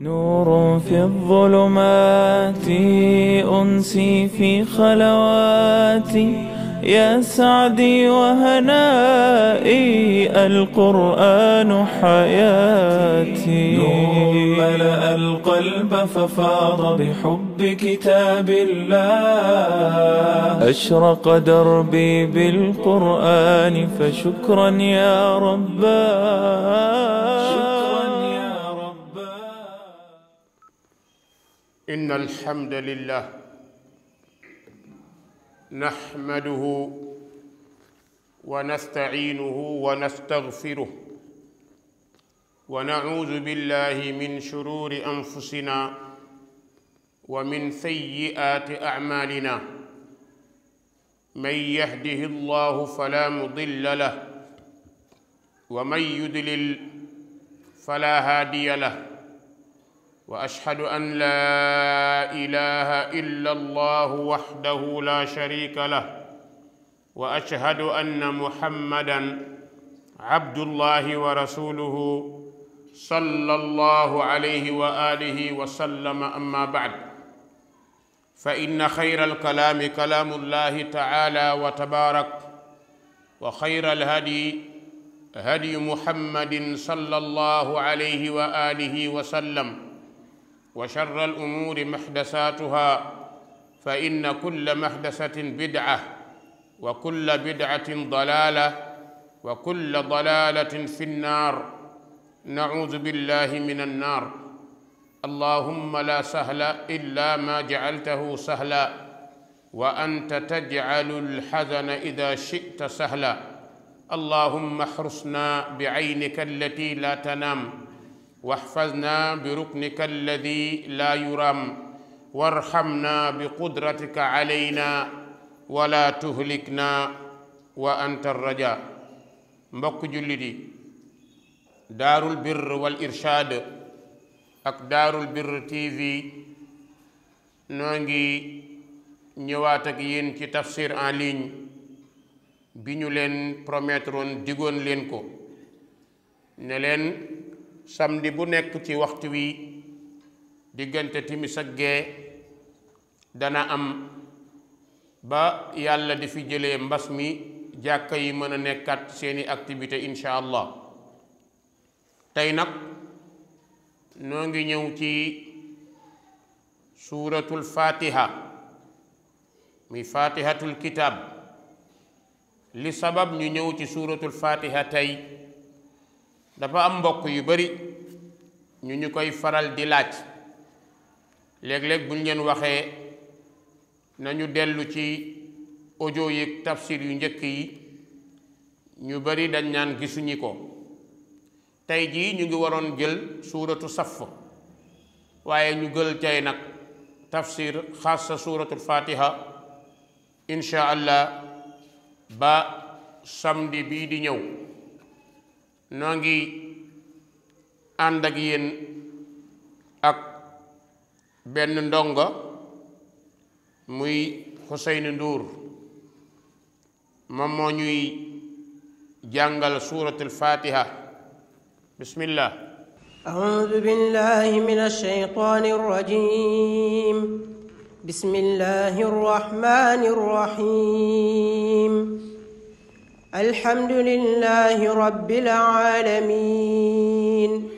نور في الظلمات أنسي في خلواتي يا سعدي وهنائي القرآن حياتي نور ملأ القلب ففاض بحب كتاب الله أشرق دربي بالقرآن فشكرا يا رباه إن الحمد لله نحمده ونستعينه ونستغفره ونعوذ بالله من شرور أنفسنا ومن سيئات أعمالنا من يهده الله فلا مضل له ومن يدلل فلا هادي له واشهد ان لا اله الا الله وحده لا شريك له واشهد ان محمدا عبد الله ورسوله صلى الله عليه واله وسلم اما بعد فان خير الكلام كلام الله تعالى وتبارك وخير الهدي هدي محمد صلى الله عليه واله وسلم وشر الأمور محدثاتها فإن كل محدثة بدعة وكل بدعة ضلالة وكل ضلالة في النار نعوذ بالله من النار اللهم لا سهل إلا ما جعلته سهلا وأنت تجعل الحزن إذا شئت سهلا اللهم احرسنا بعينك التي لا تنام واحفظنا بركنك الذي لا يرام وارحمنا بقدرتك علينا ولا تهلكنا وأنت الرجاء mbokk jullit yi daarul birr wal ak daarul birr tv noo ngi ñëwaat ak ci tafsir en ligne bi ñu leen promettroon digoon leen ko ne leen samedi bu nekk ci waxtu wi diggante timis ak gee dana am ba yàlla di fi jëlee mbas mi jàkk yi mën a nekkaat seeni activité incha allah tey nag noo ngi ñëw ci suuratul fatiha muy fatihatul kitab li sabab ñu ñëw ci suuratul fatiha tey dafa am mbokk yu bari ñu ñu koy faral di laaj léeg-léeg buñ leen waxee nañu dellu ci ojo yi tafsir yu njëkk yi ñu bari dañ naan gisuñu ko tey jii ñu ngi waroon jël suuratu Saff waaye ñu gël cay nag tafsir xaasa suuratu Fatiha incha allah ba samdi bii di ñëw noo ngi ànd ak benn ndongo muy Xuseynu Nduur moom moo ñuy jàngal suuratul Faatiha bismillah أعوذ بالله من الشيطان الرجيم بسم الله الرحمن الرحيم alhamdulillahi rabbil aalamiin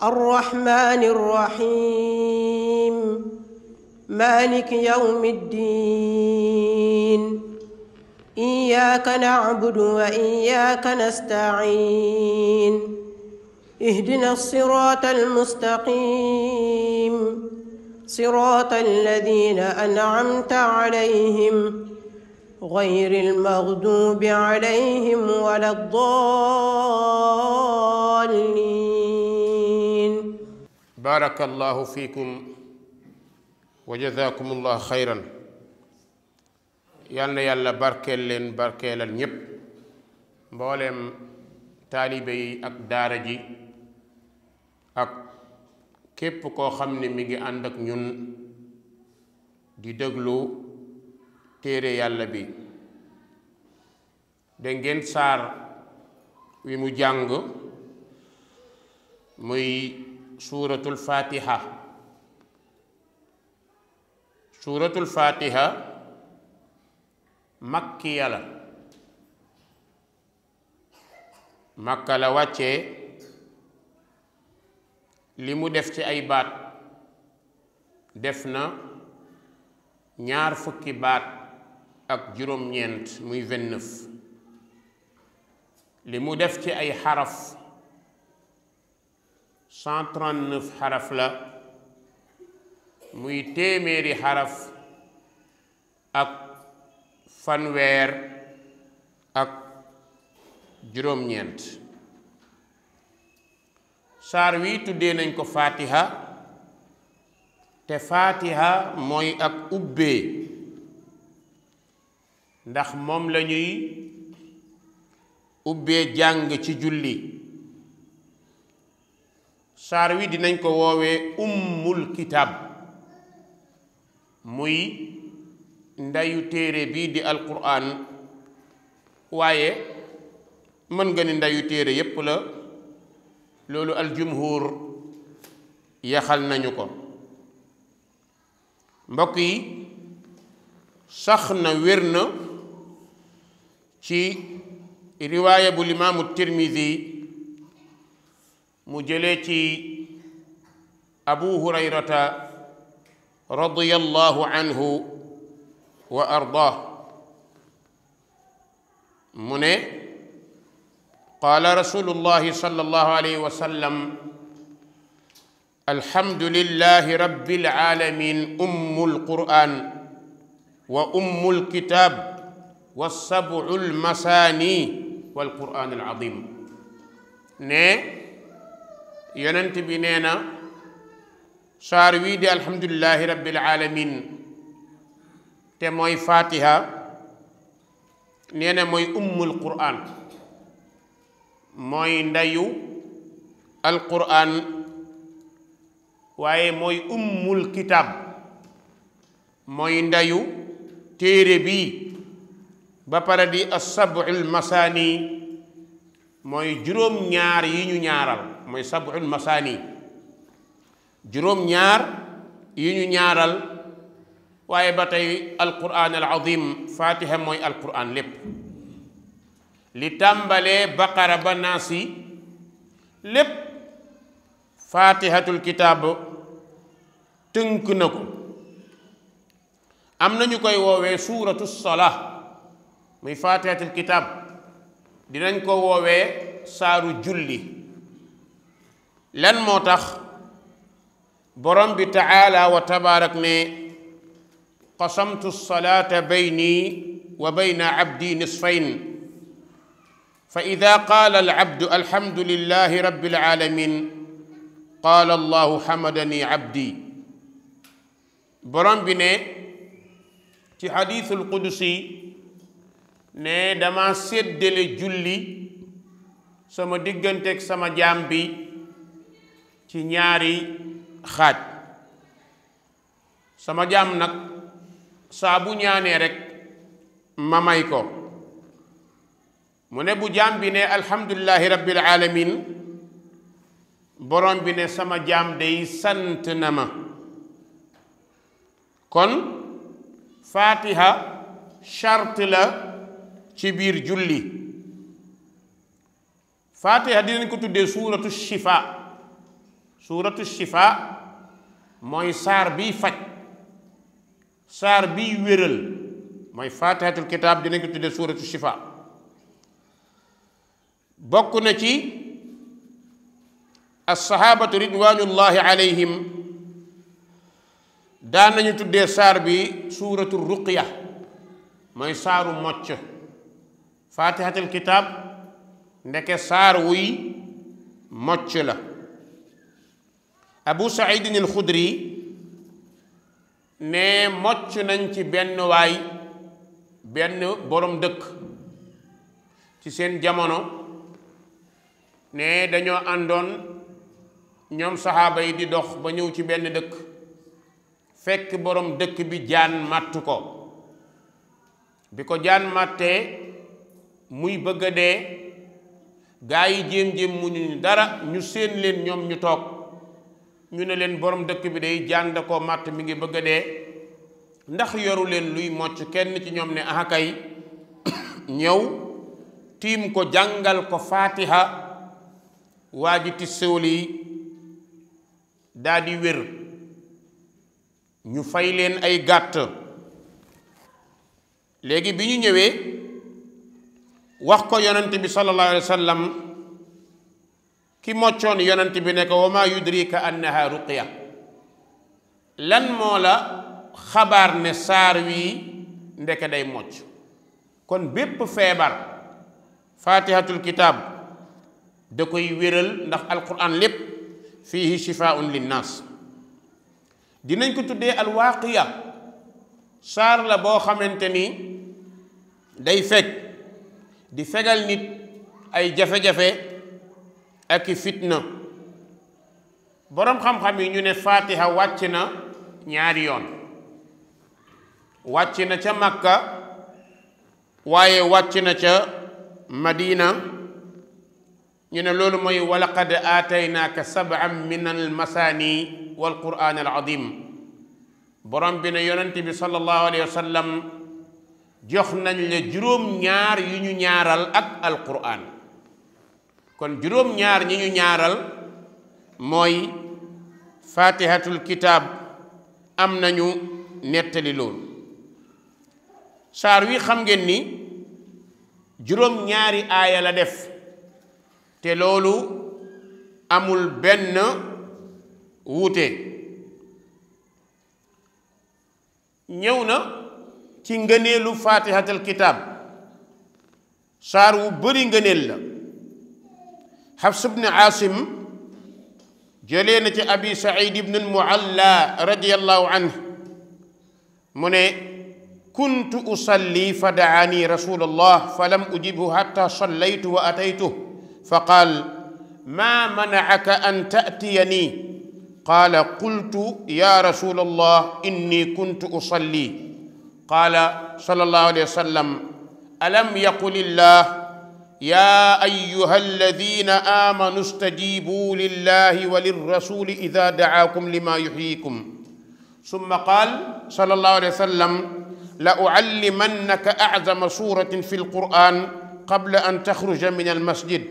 arrahmaani rrahiim maaliki yawmi ddiin iyyaaka na'budu wa iyyaaka nasta'iin ihdina siraata almustaqiim siraata alladiina an'amta alayhim غير المغضوب عليهم ولا الضالين بارك الله فيكم وجزاكم الله خيرا yàlla yàlla barkeel leen barkeelal ñépp mbooleem taalibe yi ak daara ji ak képp koo xam ne mi ngi ànd ak ñun di déglu téere yàlla bi da ngeen saar wi mu jàng muy suuratul fatiha suuratul fatiha makkiya la makka la wàcce li mu def ci ay baat def na ñaar fukki baat ak juróom-ñeent muy vingt-neuf li mu def ci ay xaraf cent trente-neuf xaraf la muy téeméeri xaraf ak fanweer ak juróom-ñeent saar wi tuddee nañ ko faatiha te faatiha mooy ak ubbee ndax moom lañuy ñuy ubbee jàng ci julli saar wi dinañ ko woowee ummul kitaab muy ndeyu téere bii di alquran waaye mën nga ni ndeyu téere yépp la loolu aljumhur yaxal nañu ko mbokk yi sax na wér na ci riwaaya bu limaamu tirmidi mu jëlee ci abu hurayrata radiyallahu anhu wa ardaah mu ne qaala rasulullahi sallallahu alayhi wa sallam alhamdulillahi rabbil alamin ummul qur'an wa ummul kitaab wa sab'ul masaani wal quraan al azim ne yonent bi nee na saar wii di alhamdulilahi rabbil alamin te mooy fatiha nee na mooy ummul quraan mooy ndeyu al quraan waaye mooy ummul kitaab mooy ndeyu téere ba pare di asabul masaani mooy juróom ñaar yi ñu ñaaral mooy sabul masaani juróom ñaar yi ñu ñaaral waaye ba tey alquran al azim mooy alquran lépp li tàmbalee baqara ba naasi lépp fatihatul kitaab tënk na ko am na ñu koy woowee suuratu salaa muy faatihatul kitaab dinañ ko woowee saaru julli lan moo tax borom bi taala wa tabaarak ne qasamtu salaata bayni wa bayna abdi nisfayn fa ida qaala alabdu alhamdulillahi rabbil alamin qaala allahu hamadani abdi borom bi ne ci xadiisul qudusi ne dama séddale julli sama digganteeg sama jaam bi ci ñaari xaaj sama jaam nag saa bu ñaanee rekk ma may ko mu ne bu jaam bi ne alhamdulillahi rabbil alamin borom bi ne sama jaam dey sant na ma kon fatiha charte la ci biir julli faatiha dinañ ko tuddee suuratu shifaa suuratu shifaa mooy saar biy faj saar biy wéral mooy faatihatul kitaab dinañ ko tuddee suuratu shifaa bokk na ci assahabatu ridwanullahi alayhim daan tuddee saar bi suuratu ruqya mooy saaru mocc fatihatul kitab ndeke saar wuy mocc la abu saidin al xudri ne mocc nañ ci benn waay benn boroom dëkk ci seen jamono ne dañoo àndoon ñoom saxaaba yi di dox ba ñëw ci benn dëkk fekk boroom dëkk bi jaan màtt ko bi ko jaan màttee muy bëgg a dee gaa yi jéem-jéem muñuñu dara ñu séen leen ñoom ñu toog ñu ne leen borom dëkk bi day jaan koo màtt mi ngi bëgg a dee ndax yoru leen luy mocc kenn ci ñoom ne aha ñëw tiim ko jàngal ko faatiha waa ji tisséwal yi daal di wér ñu fay leen ay gàtt léegi bi ñu ñëwee wax ko yonent bi sallallahu alayhi wa sallam ki moccoon yonent bi ne ko wa maa yudrika annaha ruqya lan moo la xabaar ne saar wii ndeke day mocc kon bépp feebar fatihatul kitaab da koy wéral ndax alquran lépp fiihi shifaun linnaas dinañ ko tuddee alwaaqiya saar la boo xamante ni day fekk di fegal nit ay jafe-jafe ak fitna boroom xam-xam yi ñu ne faatiha wàcc na ñaari yoon wàcc na ca makka waaye wàcc na ca madina ñu ne loolu mooy walaqad aataynaaka sab'an min almasaani walquraan aladim borom bi ne yonent bi sallallahu alayhi wa jox nañ la juróom ñaar yu ñu ñaaral ak alquran kon juróom ñaar ñi ñu ñaaral mooy fatihatul kitaab am nañu nettali loolu saar wi xam ngeen ni juróom ñaari aaya la def te loolu amul benn wuute ñëw na ci ngëneelu fatihatal kitaab saar wu bëri ngëneel la Xafs ibn Aasim jëlee na ci abi Saïd ibn Mualla radiyallahu anhu mu ne kuntu usalli fa daani rasulullah fa lam ujibhu hatta sallaytu wa ataytuh fa qaal ma manaaka an taatiyani qaala qultu ya rasulallah inni kuntu usalli qaala sallallahu alayhi wa sallam alam yaqul illah yaa ayyuha alladina aamanu stajibu lillahi wa lirrasuli ida dacaakum lima yuxyikum summa qaal sallallahu alayhi wa sallam la ucallimannaka aczama suratin fi lquran qabla an taxruja min almasjid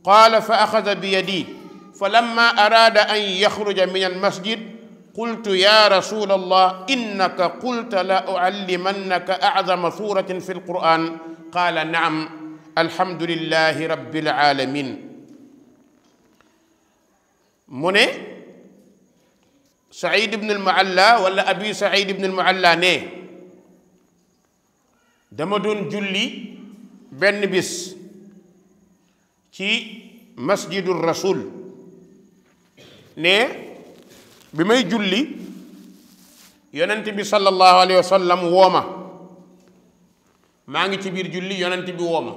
qaala fa axada biyadi falamma araada an yaxruja min almasjid qultu ya rasula allah innaka qulta la uallimannaka acdama suratin fi lquran qaala naam alhamdulilahi rabbil alamin mu ne said ibn almualla wala abi said ibn almualla ne dama doon julli benn bis ci masjidu rasul ne bi may julli yonent bi sallallahu alayhi wa woo ma maa ngi ci biir julli yonent bi wooma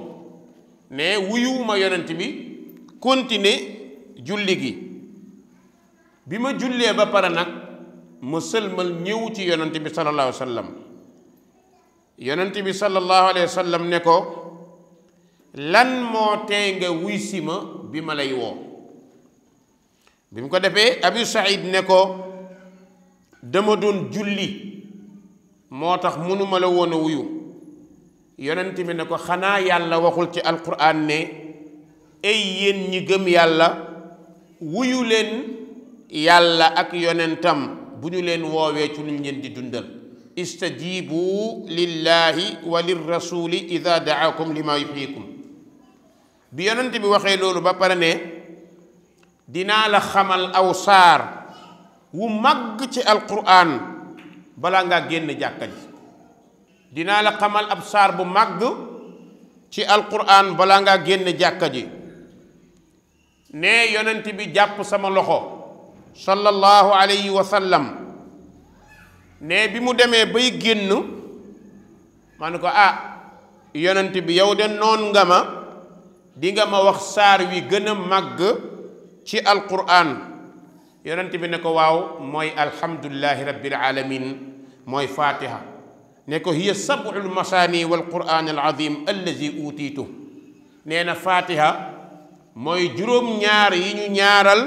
ne wuyuwuma yonent bi continuer julli gi bi ma jullee ba pare nag ma sëlmal ñëw ci yonent bi sallallahu alayhi wa sallam yonent bi sallallahu alayhi wa ne ko lan moo tee nga wuy si ma bi ma lay woo bi mu ko defee Abu Saïd ne ko dama doon julli moo tax mënuma la woon a wuyu yonent bi ne ko xanaa yàlla waxul ci alquran ne ay yéen ñi gëm yàlla wuyu leen yàlla ak yonentam bu ñu leen woowee ci luñ leen di dundal istajibu lillahi wa lirrasuli ida daakum lima yuhyikum bi yonent bi waxee loolu ba pare ne dinaa la xamal aw saar wu màgg ci alquran balaa ngaa génn jàkka ji dinaa la xamal ab saar bu màgg ci alquran balaa ngaa génn jàkka ji ne yonent bi jàpp sama loxo sallallahu alayhi wa sallam ne bi mu demee bay génn ma ko ah yonent bi yow de noon nga ma di nga ma wax saar wi gën a màgg ci alquran yonent bi ne ko waaw mooy alhamdulillahi rabbil alamin mooy fatiha ne ko hiya sab'ul masaani wal quran al azim allazi utiitu nee na fatiha mooy juróom-ñaar yi ñu ñaaral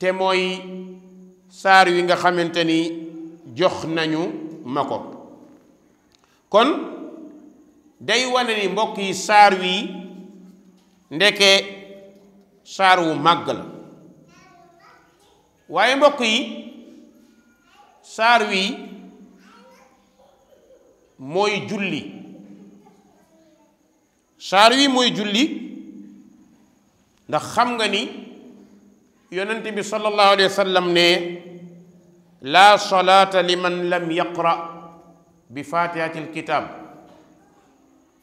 te mooy saar wi nga xamante ni jox nañu ma ko kon day wane ni mbokk yi saar wi ndeke saar wu màgg waaye mbokk yi saar wi mooy julli saar wi mooy julli ndax xam nga ni yonent bi sallallahu alayhi wa sallam ne laa salaata liman lam yaqra bi faatihatil kitaab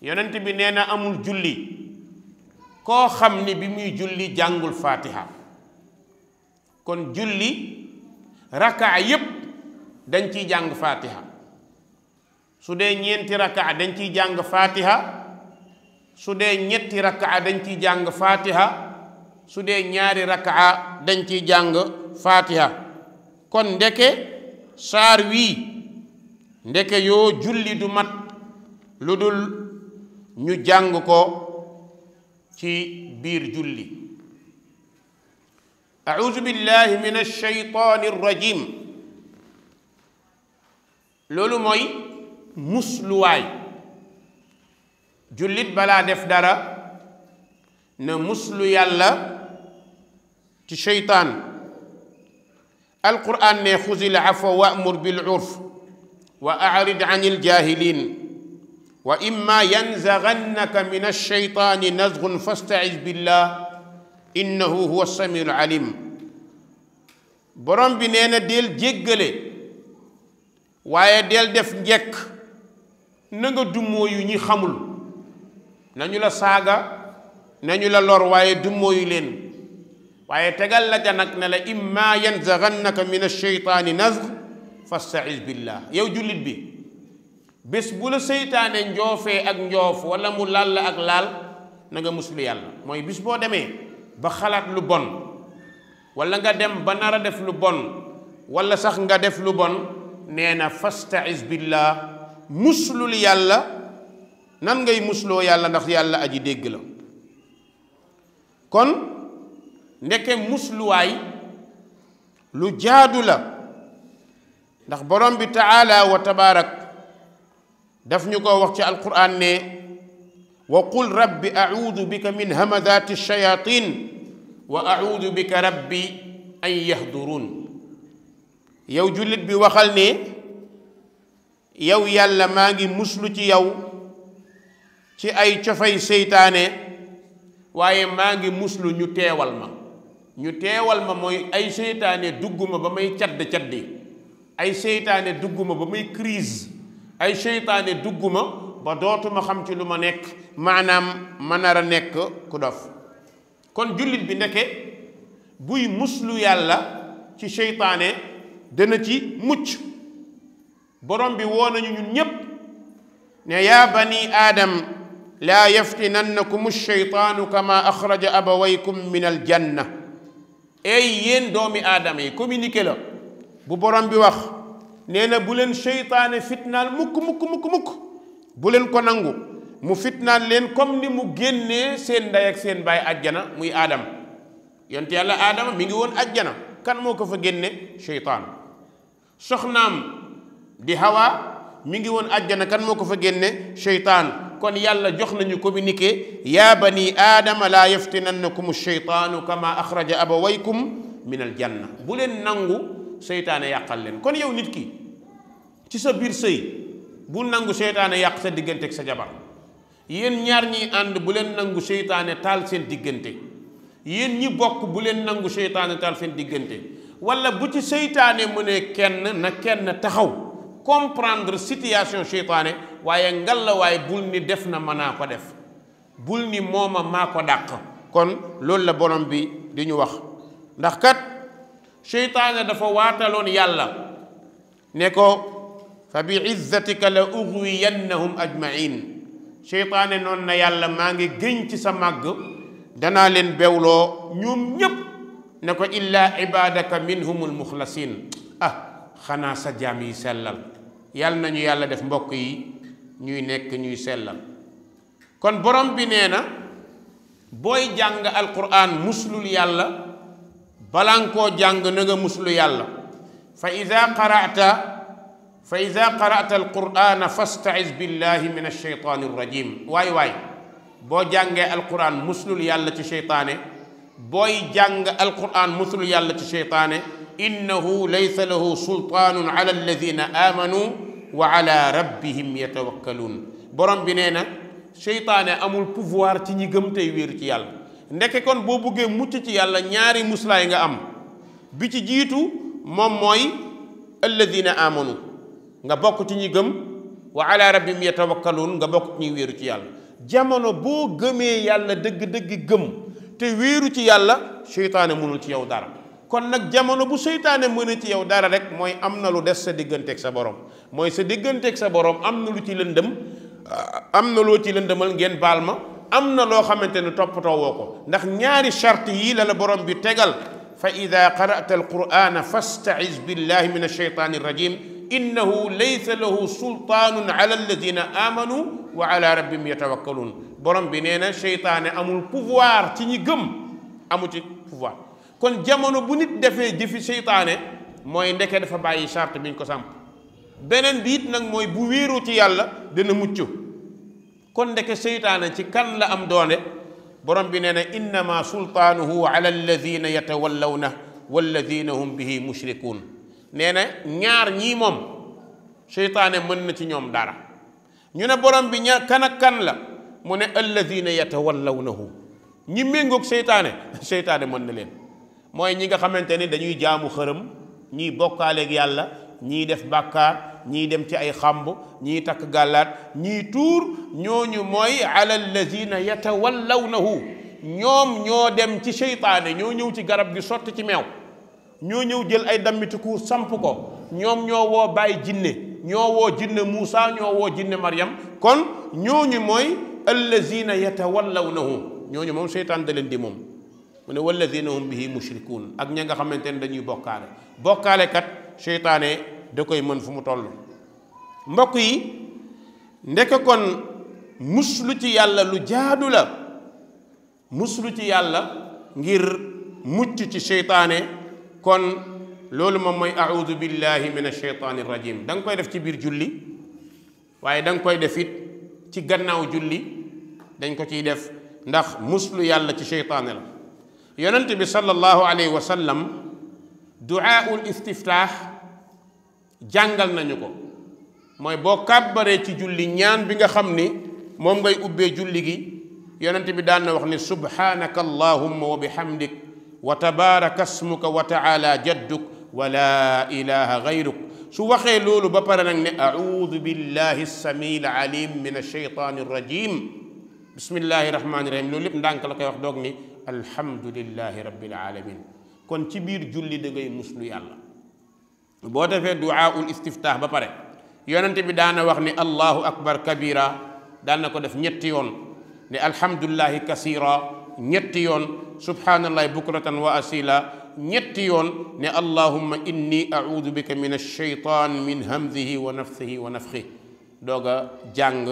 yonent bi nee na amul julli koo xam ne bi muy julli jàngul faatiha kon julli rakaa yépp dañ ciy jàng faatiha su dee ñeenti rakaa dañ ciy jàng faatiha su dee ñetti rakaa dañ ciy jàng faatiha su ñaari rakaa dañ ciy jàng faatiha kon ndeke saar wii ndeke yoo julli du mat lu dul ñu jàng ko ci biir julli audu billahi min alsheytani irrajim loolu mooy musluwaay jullit balaa def dara na muslu yàlla ci sheytaan alquran ne xuzil afwa wa'mur bil urf wa arid an il jahilin wa imma yanzaghannaka min ash-shaytaani nazghun fasta'iz billah innahu huwa as-sami'ul alim borom bi nee a del jéggale waaye del def njekk naga nga yu ñi xamul nañu la saaga nañu la lor waaye dummoo yu leen waaye tegal la ja nag ne la imma yanzaghannaka min ash-shaytaani nazghun fasta'iz billah yow jullit bi bés bu la seytaane njoofee ak njoof wala mu laal la ak laal nanga nga muslu yàlla mooy bis boo demee ba xalaat lu bon wala nga dem ba nar a def lu bon wala sax nga def lu bon nee na fastaiz billah muslul yàlla nan ngay musloo yàlla ndax yàlla aji dégg la kon ndeke musluwaay lu jaadu la ndax borom bi taala wa daf ñu ko wax ci alquran ne wa qul rabbi audu bika min hamadati shayatin wa audu bika rabbi an yahdurun yow jullit bi waxal ne yow yàlla maa ngi muslu ci yow ci ay cofay seytaane waaye maa ngi muslu ñu teewal ma ñu teewal ma mooy ay seytaane dugguma ba may cadd caddi ay seytaane dugguma ba may crise ay seytaane dugguma ba dootuma xam ci lu ma nekk maanaam ma nar a nekk ku dof kon jullit bi ndeke buy muslu yàlla ci seytaane dana ci mucc borom bi woo nañu ñun ñépp ne yaa bani aadam laa yaftinannakum ash-shaytaanu kama axraja abawaykum min aljanna ey yéen doomi aadama yi communiqué la bu borom bi wax nee na bu leen seytaane fitnaal mukk mukk mukk mukk bu leen ko nangu mu fitnaal leen comme ni mu génnee seen ndey ak seen baay ajjana muy aadama yonte yàlla aadama mi ngi woon ajjana kan moo ko fa génne seytaan soxnaam di hawa mi ngi woon ajjana kan moo ko fa génne seytaan kon yàlla jox nañu communiqué yaa bani aadama laa yaftinannakum sheytaanu kama axraja abawaykum min aljanna bu leen nangu seytaane yàqal leen kon yow nit ki ci sa biir sëy bu nangu seytaane yàq sa diggante ak sa jabar yéen ñaar ñiy ànd bu leen nangu seytaane taal seen diggante yéen ñi bokk bu leen nangu seytaane taal seen diggante wala bu ci seytaane mu ne kenn na kenn taxaw comprendre situation seytaane waaye ngalla waaye bul ni def na mën ko def bul ni mooma maa ko dàq kon loolu la borom bi di ñu wax ndax kat seytaane dafa waataloon yàlla ne ko fa bi izzatika la ughwiyannahum ajmain seytaane noon na yàlla maa ngi gëñ ci sa màgg danaa leen bewloo ñoom ñépp ne ko illaa ibadaka minhumul muxlasin ah xanaa sa jaam yi sellal yàlla nañu yàlla def mbokk yi ñuy nekk ñuy sellal kon borom bi nee na booy jàng alquran muslul yàlla balaa nga koo jàng na nga muslu yàlla fa ida qara'ta fa ida qara'ta alqurana fasta'iz billahi min alsheytani irrajim waay waay boo jàngee alquran muslul yàlla ci seytaane booy jàng alquran muslul yàlla ci seytaane innahu laysa lahu sultaanun ala alladina amanu wa ala rabbihim yatawakkaluun borom bi nee na seytaane amul pouvoir ci ñi gëm tey wéeru ci yàlla ndeke kon boo bëggee mucc ci yàlla ñaari muslaay nga am bi ci jiitu moom mooy alladina amanu nga bokk ci ñi gëm wa ala rabbihim yatawakkaluun nga bokk ci ñi wéeru ci yàlla jamono boo gëmee yàlla dëgg-dëgg gëm te wéeru ci yàlla seytaane mënul ci yow dara kon nag jamono bu seytaane mënul ci yow dara rek mooy am na lu des sa digganteeg sa borom mooy sa digganteeg sa borom am na lu ci lëndëm ah, am na loo ci lëndëmal ngeen baal ma am na loo xamante ne toppatoo woo ko ndax ñaari charte yii la la borom bi tegal fa ida qara'ta alqur'ana fasta'iz billahi min alsheytani irrajim innahu laysa lahu sultaanun ala alladina amanu wa ala rabbihim yatawakkaluun borom bi nee na seytaane amul pouvoir ci ñi gëm amu kon jamono bu nit defee jëfi seytaane mooy ndeke dafa bàyyi charte bi ko sàmp beneen biit it nag mooy bu wéeroo ci yàlla dana mucc kon ndeke seytaane ci kan la am doone borom bi nee na innama sultaanuhu ala alladina yatawallawna walladina hum bihi mushrikuun nee na ñaar ñii moom seytaane mën na ci ñoom dara ñu ne borom bi ña kan kan la mu ne alladina yatawallawnahu ñi méngoog seytaane seytaane mën na leen mooy ñi nga xamante ni dañuy jaamu xërëm ñii bokkaaleek yàlla ñii def bàkkaar ñii dem ci ay xàmb ñii takk gàllaat ñii tuur ñooñu mooy ala alladina yatawallawnahu ñoom ñoo dem ci seytaane ñoo ñëw ci garab gi sotti ci meew ñoo ñëw jël ay dammitiku samp ko ñoom ñoo woo bàyyi jinne ñoo woo jinne Muusa ñoo woo jinne Maryam kon ñooñu mooy allazina yatawallawnahum ñooñu moom seytaan da leen di moom mu ne wallazina hum bihi mushrikuun ak ña nga xamante ne dañuy bokkaale bokkaale kat seytaane da koy mën fu mu toll mbokk yi ndeke kon muslu ci yàlla lu jaadu la muslu ci yàlla ngir mucc ci seytaane kon loolu moom mooy audu billahi min asheytaani rajim da nga koy def ci biir julli waaye danga koy def ci gannaaw julli dañ ko ciy def ndax muslu yàlla ci seytaane la bi sallallahu alayhi wa sallam duaaul istiftaax jàngal nañu ko mooy boo kàbbaree ci julli ñaan bi nga xam ni moom ngay ubbee julli gi yonent bi daan na wax ni subhanaka allahumma wa bihamdik wa tabaraka smuka wa taala jadduk wa laa ilaha gayruk su waxee loolu ba pare nag ne audu billahi samil alim min alsheytani irrajim bismillahi rahmani rahim loolu lépp ndànk la koy wax doog ni alhamdulillahi rabbil alamin kon ci biir julli da ngay muslu yàlla boo defee duaaul istiftah ba pare yonent bi daana wax ni allahu akbar kabira daan na ko def ñetti yoon ne alhamdulillahi kasira ñetti yoon subhaanallahi bukratan wa asila ñetti yoon ne allahumma inni audu bika min alcheytan min hamdihi wa nafsihi wa nafxi doog a jàng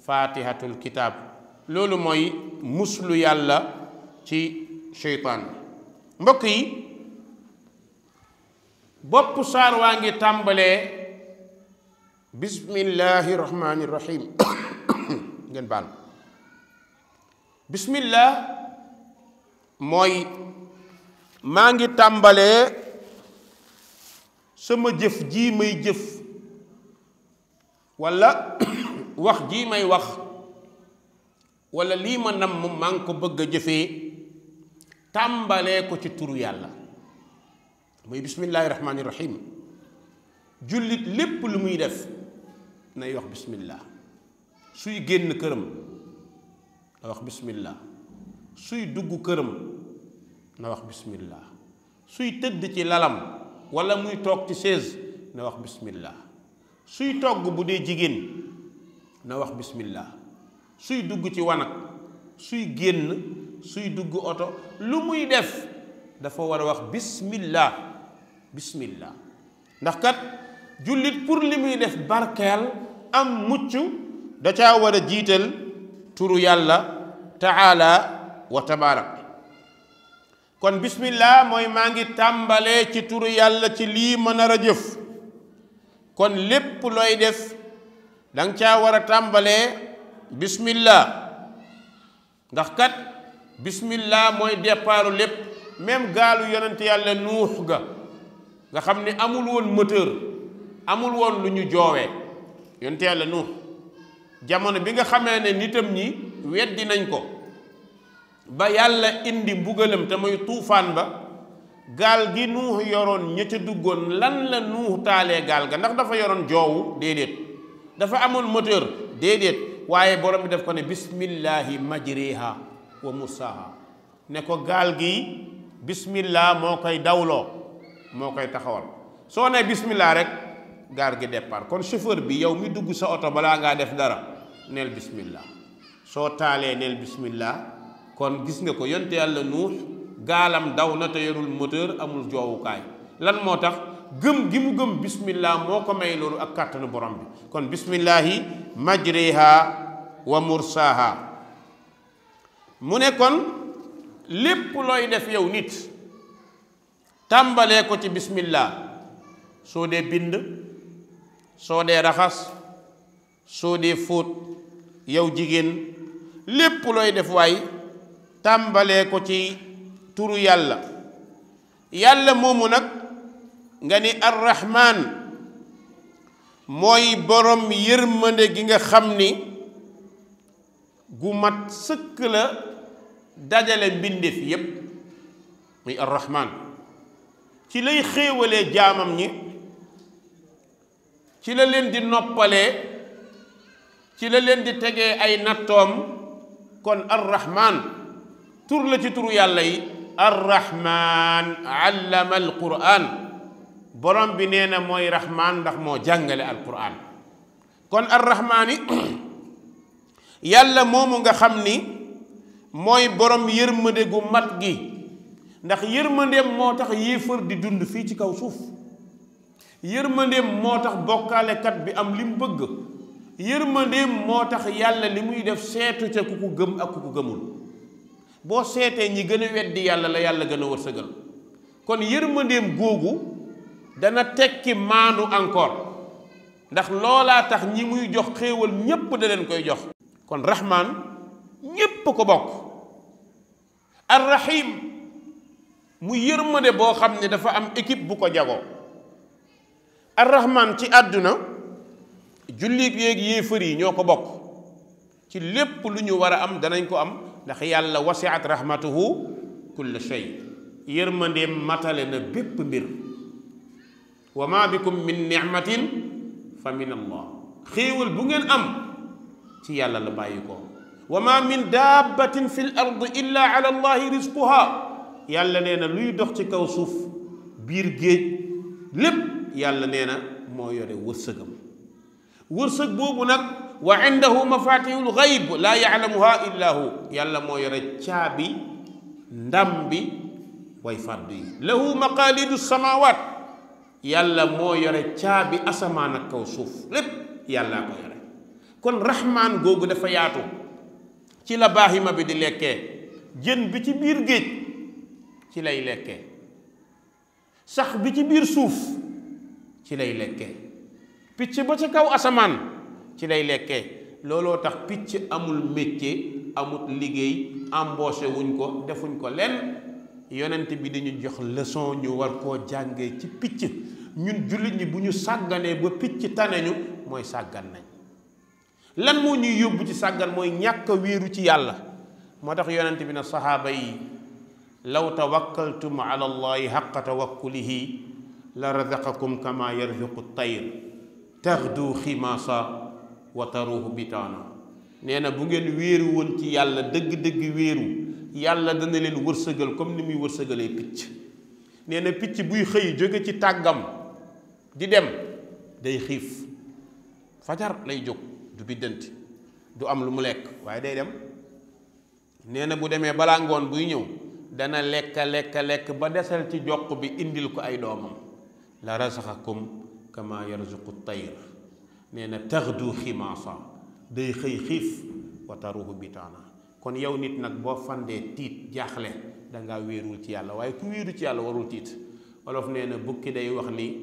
fatihatul kitab loolu mooy muslu yàlla ci cheytaan mbokk yi bopp saar waa ngi tàmbalee bismillahi bismillah mooy maa ngi tàmbalee sama jëf jii may jëf walla wax jii may wax walla lii ma namm maa ngi ko bëgg a jëfee tàmbalee ko ci turu yàlla mooy bismillaahi rahmaani rahiim jullit lépp lu muy def nay wax bismillah suy génn këram da wax bismillah suy dugg këram na wax bismillah suy tëdd ci lalam walla muy toog ci chaise na wax bismillah suy togg bu dee jigéen na wax bismillah suy dugg ci wanag suy génn suy dugg oto lu muy def dafa war a wax bismillah bismillah ndax kat jullit pour li muy def barkeel am mucc da caa war a jiital turu yàlla taala wa tabaarak kon bismillah mooy maa ngi tàmbalee ci turu yàlla ci lii ma nar a jëf kon lépp looy def danga ca war a tàmbalee bismillah ndax kat bismillah mooy départu lépp même gaalu yonent yàlla nuux ga nga xam ni amul woon moteur amul woon lu ñu joowe yonent yàlla nuux jamono bi nga xamee ne nitam ñi weddi nañ ko ba yàlla indi mbugalam te muy tuufaan ba gaal gi nuux yoroon ña ca duggoon lan la nuux taalee gaal ga ndax dafa yoroon joowu déedéet dafa amoon moteur déedéet waaye borom bi def ko ne bismillahi majriha wa musaha ne ko gaal gi bismillah moo koy dawloo moo koy taxawal soo ne bismillah rek gaal gi départ kon chauffeur bi yow mi dugg sa oto balaa ngaa def dara neel bismillah soo taalee neel bismillah kon gis nga ko yonte yàlla nuux gaalam daw na te yorul moteur amul joowukaay lan moo tax gëm gi mu gëm bismillah moo ko may loolu ak kàttanu borom bi kon bismillahi majriha wa mursaha mu ne kon lépp looy def yow nit tàmbalee ko ci bismillah soo dee bind soo dee raxas soo dee fóot yow jigéen lépp looy def waay tàmbalee ko ci turu yàlla yàlla moomu nag nga ni arrahman mooy borom yërmande gi nga xam ni gu mat sëkk la dajale mbindeef yépp muy arrahman ci lay xéewalee jaamam ñi ci la leen di noppalee ci la leen di tegee ay nattoom kon arrahman tur la ci turu yàlla yi arrahman allama alquran borom bi nee na mooy rahman ndax moo jàngale alquran kon arrahmaan yi yàlla moomu nga xam ni mooy borom yërmande gu mat gi ndax yërmandeem moo tax yéefar di dund fii ci kaw suuf yërmandeem moo tax bokkaalekat bi am li mu bëgg yërmandeem moo tax yàlla li muy def seetu ca ku ko gëm ak ku ko gëmul boo seetee ñi gën a weddi yàlla la yàlla gën a wërsëgal kon yërmandeem googu dana tekki maanu encore ndax loolaa tax ñi muy jox xéewal ñépp da koy jox kon rahmaan ñépp ko bokk arrahim mu yërmande boo xam ne dafa am équipe bu ko jagoo arrahmaan ci àdduna jullit yéeg yéefar yi ñoo ko bokk ci lépp lu ñu war a am danañ ko am ndax yàlla wasiat rahmatuhu kulla shay yërmandeem matale na bépp mbir wa ma bikum min nicmatin fa min allah xéewal bu ngeen am ci yàlla la bàyyi ko wa ma min daabatin fi l illa ala allahi yàlla nee na luy dox ci kaw suuf biir géej lépp yàlla nee na moo yore wërsëgam wërsëg wa indahu mafatihul gayb laa yaalamuha illa hu yàlla moo yore caabi ndam bi way fàddu yi lahu maqalidu samawat yàlla moo yore caabi asamaan ak kaw suuf lépp yàllaa ko yore kon rahmaan googu dafa yaatu ci la baahima bi di lekkee jën bi ci biir géej ci lay lekkee sax bi ci biir suuf ci lay lekkee picc ba ca kaw asamaan ci lay lekke looloo tax picc amul métier amut liggéey embauché ko defuñ ko lenn yonent bi dañu jox leçon ñu war koo jàngee ci picc ñun jullit ñi bu ñu sàgganee ba picc taneñu mooy sàggan nañ lan moo ñuy yóbbu ci sàggan mooy ñàkk a wéeru ci yàlla moo tax yonent bi ne saxaaba yi law tawakkaltum ala allahi xaqa tawakkulihi la razaqakum kama yarzuqu tayr taxdu ximaasa wa taruuhu bitaana nee na bu ngeen wéeru woon ci yàlla dëgg-dëgg wéeru yàlla dana leen wërsëgal comme ni muy wërsëgalee picc nee na picc buy xëy jóge ci tàggam di dem day xiif fajar lay jóg du biddanti du am lu mu lekk waaye day dem nee na bu demee balaa ngoon buy ñëw dana lekk lekka lekk ba desal ci jox bi indil ko ay doomam la rasaxakum kama yarzuqu tayr nee na taxdu ximaasa day xëy xiif wa taruhu bitaana kon yow nit nag boo fandee tiit jaaxle dangaa wéerul ci yàlla waaye ku wéeru ci yàlla warul tiit wolof nee na bukki day wax ni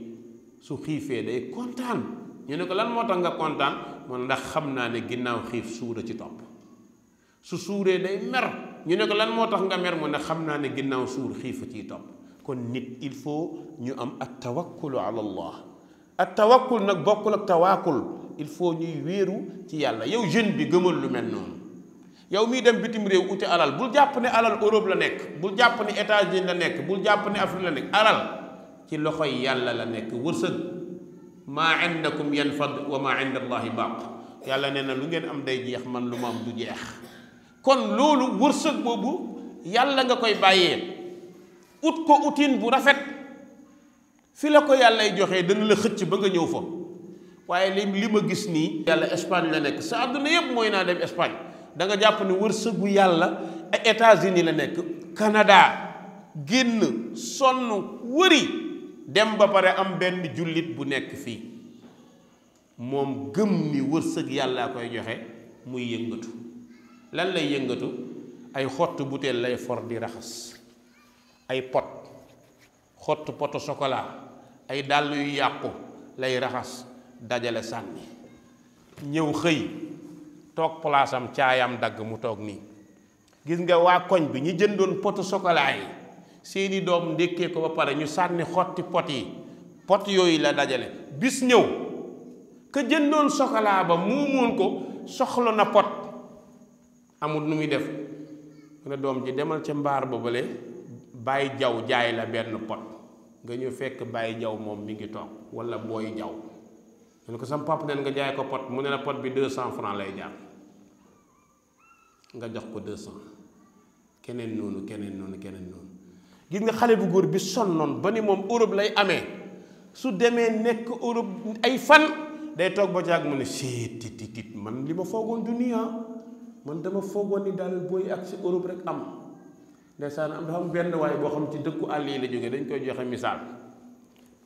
su xiifee day kontaan ñu ne ko lan moo tax nga kontaan mun ndax xam naa ne ginnaaw xiif suura ci topp su suuree day mer ñu ne ko lan moo tax nga mer mu ne xam naa ne ginnaaw suur xiifa ciy topp kon nit il faut ñu am ak tawakkulu ala ak tawakkul nag bokkul ak tawaakul il faut ñuy wéeru ci yàlla yow jeune bi gëmal lu mel noonu yow miy dem bitim réew uti alal bul jàpp ne alal Europe la nekk bul jàpp ne États-Unis la nekk bul jàpp ne Afrique la nekk alal ci loxoy yàlla la nekk wërsëg maa indakum yanfad wa maa inda allahi baaq yàlla nee na lu ngeen am day jeex man lu ma am du jeex kon loolu wërsëg boobu yàlla nga koy bàyyee ut ko utin bu rafet fi la ko yàllay joxe dana la xëcc ba nga ñëw foo waaye li li ma gis nii yàlla Espagne la nekk sa àdduna yëpp mooy naa dem Espagne danga jàpp ne wërsëgu yàlla ay états la nekk Canada génn sonn wëri dem ba pare am benn jullit bu nekk fii moom gëm ni wërsëg yàllaa koy joxe muy yëngatu lan lay yëngatu ay xottu butéel lay for di raxas ay pot xottu poto ay dàll yu yàqu lay raxas dajale sànni ñëw xëy toog palaasam caayam dagg mu toog nii gis nga waa koñ bi ñu jëndoon potu chocolat yi seeni doom ndékkee ko ba pare ñu sànni xotti pot yi pot yooyu la dajale bis ñëw ka jëndoon chocolat ba muumoon ko soxla na pot amul nu muy def mu ne doom ji demal ca mbaar ba bële bàyyi jaw jaay la benn pot nga ñu fekk bàyyi jaw moom mi ngi toog wala booy jaw ñu ko sam papa neen nga jaay ko pot mu ne la pot bi deux cent franc lay jaar nga jox ko deux cent keneen noonu keneen noonu keneen noonu gis nga xale bu góor bi sonnoon ba ni moom Europe lay amee su demee nekk Europe ay fan day toog ba jaag mu ne séet tit tit man li ma foogoon du ah. man dama foogoon ni daal booy ak si Europe rek am ndeysaan am dafa benn waay boo xam ci dëkku àll yi la jógee dañ koy joxe misaal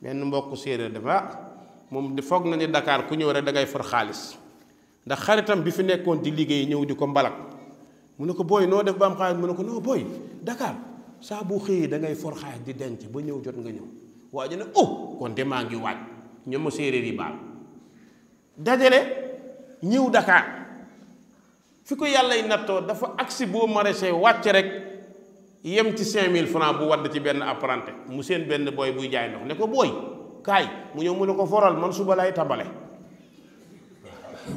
benn mbokk séeréer dafa moom di foog na ni ku ñëw da ngay for xaalis ndax xaritam bi fi nekkoon di liggéey ñëw di ko mbalak mu ne ko booy noo def ba am ne ko non booy Dakar saa bu xëyee da ngay for di denc ba ñëw jot nga ñëw waa oh, kon de ma séeréer yi baal ñëw Dakar fi ko yàllay nattoo dafa agsi boo maraîcher wàcc rek. yem ci 5000 francs bu wadd ci benn apprenti mu seen benn booy buy jaay ndox ne ko booy kaay mu ñëw mu ne ko foral man suba lay tabale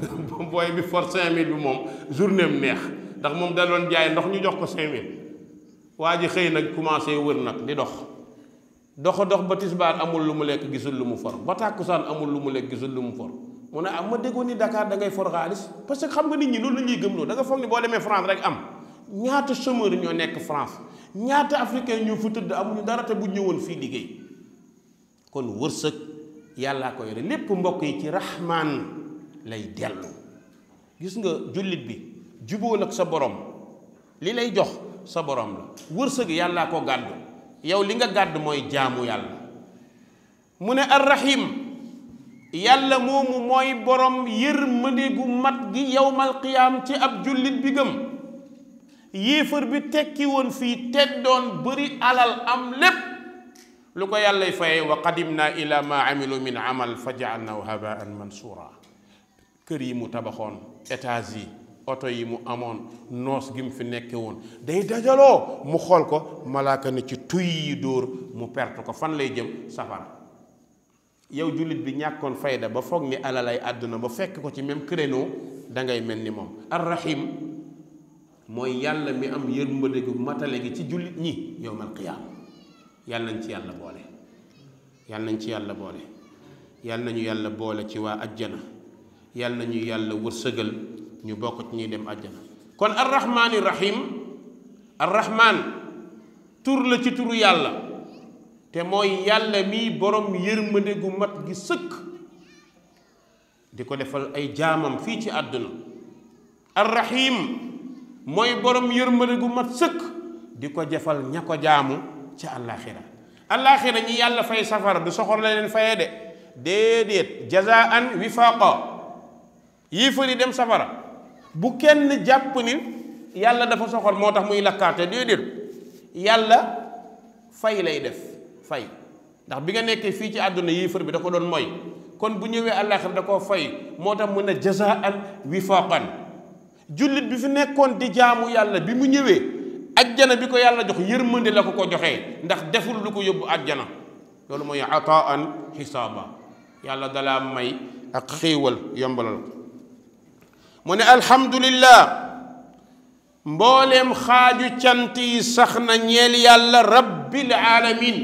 booy bi for 5000 bi moom journée am neex ndax moom da doon jaay ndox ñu jox ko 5000 waa ji xëy nag commencé wër nag di dox dox dox ba tisbaar amul lu mu lekk gisul lu mu for ba tàkkusaan amul lu mu lekk gisul lu mu for mu ne am ah, ma déggoon ni Dakar da for xaalis parce que xam nga nit ñi loolu la ñuy gëmloo da nga foog ni boo rek am. ñaata chômeur ñoo nekk France ñaata africain ñoo fa tëdd amuñu dara te bu ñëwoon fii liggéey kon wërsëg yàllaa ko yore lépp mbokk yi ci raxmaan lay dellu gis nga jullit bi juboo ak sa boroom li lay jox sa borom la wërsëg yàllaa ko gàddu yow li nga gàdd mooy jaamu yàlla mu ne arrahim yàlla moomu mooy borom yërmande gu mat gi yowmal qiyaam ci ab jullit bi gëm yéefar bi tekki woon fii teddoon bëri alal am lépp lu ko yàllay faye wa qadimna ila ma amilu min amal fa jaalnahu habaan mansura kër yi mu tabaxoon états yi oto yi mu amoon noos gi mu fi nekke woon day dajaloo mu xool ko malaaka ne ci tuy yi dóor mu perte ko fan lay jëm safara yow jullit bi ñàkkoon fayda ba foog ni alalay àdduna ba fekk ko ci même créneau da mel ni moom arrahim mooy yàlla mi am yërmande gu matale gi ci jullit ñi yow qiyaam yàlla nañ ci yàlla boole yàlla nañ ci yàlla boole yàlla nañu yàlla boole ci waa ajjana yàlla nañu yàlla wërsëgal ñu bokk ci ñuy dem ajjana kon arrahmaani rahim arrahmaan tur la ci turu yàlla te mooy yàlla mi borom yërmande gu mat gi sëkk di ko defal ay jaamam fii ci àdduna arrahim mooy borom yërmande gu mat sëkk di ko jefal ña ko jaamu ca àllaaxira àllaaxira ñi yàlla fay safara du soxor la leen fayee de déedéet jazaan wifaqa yéefar yi dem safara bu kenn jàpp ni yàlla dafa soxor moo tax muy lakkaate déedéet yàlla fay lay def fay ndax bi nga nekkee fii ci àdduna yéefar bi da ko doon mooy kon bu ñëwee àllaaxira da koo fay moo tax mun a jazaan wifaqan jullit bi fi nekkoon di jaamu yàlla bi mu ñëwee ajjana bi ko yàlla jox yërmande la ko ko joxee ndax deful lu ko yóbbu ajjana loolu mooy ataan xisaaba yàlla dalaa may ak xéewal yombalal mu ne alhamdulillah mbooleem xaaju cant sax na ñeel yàlla rabbil alamin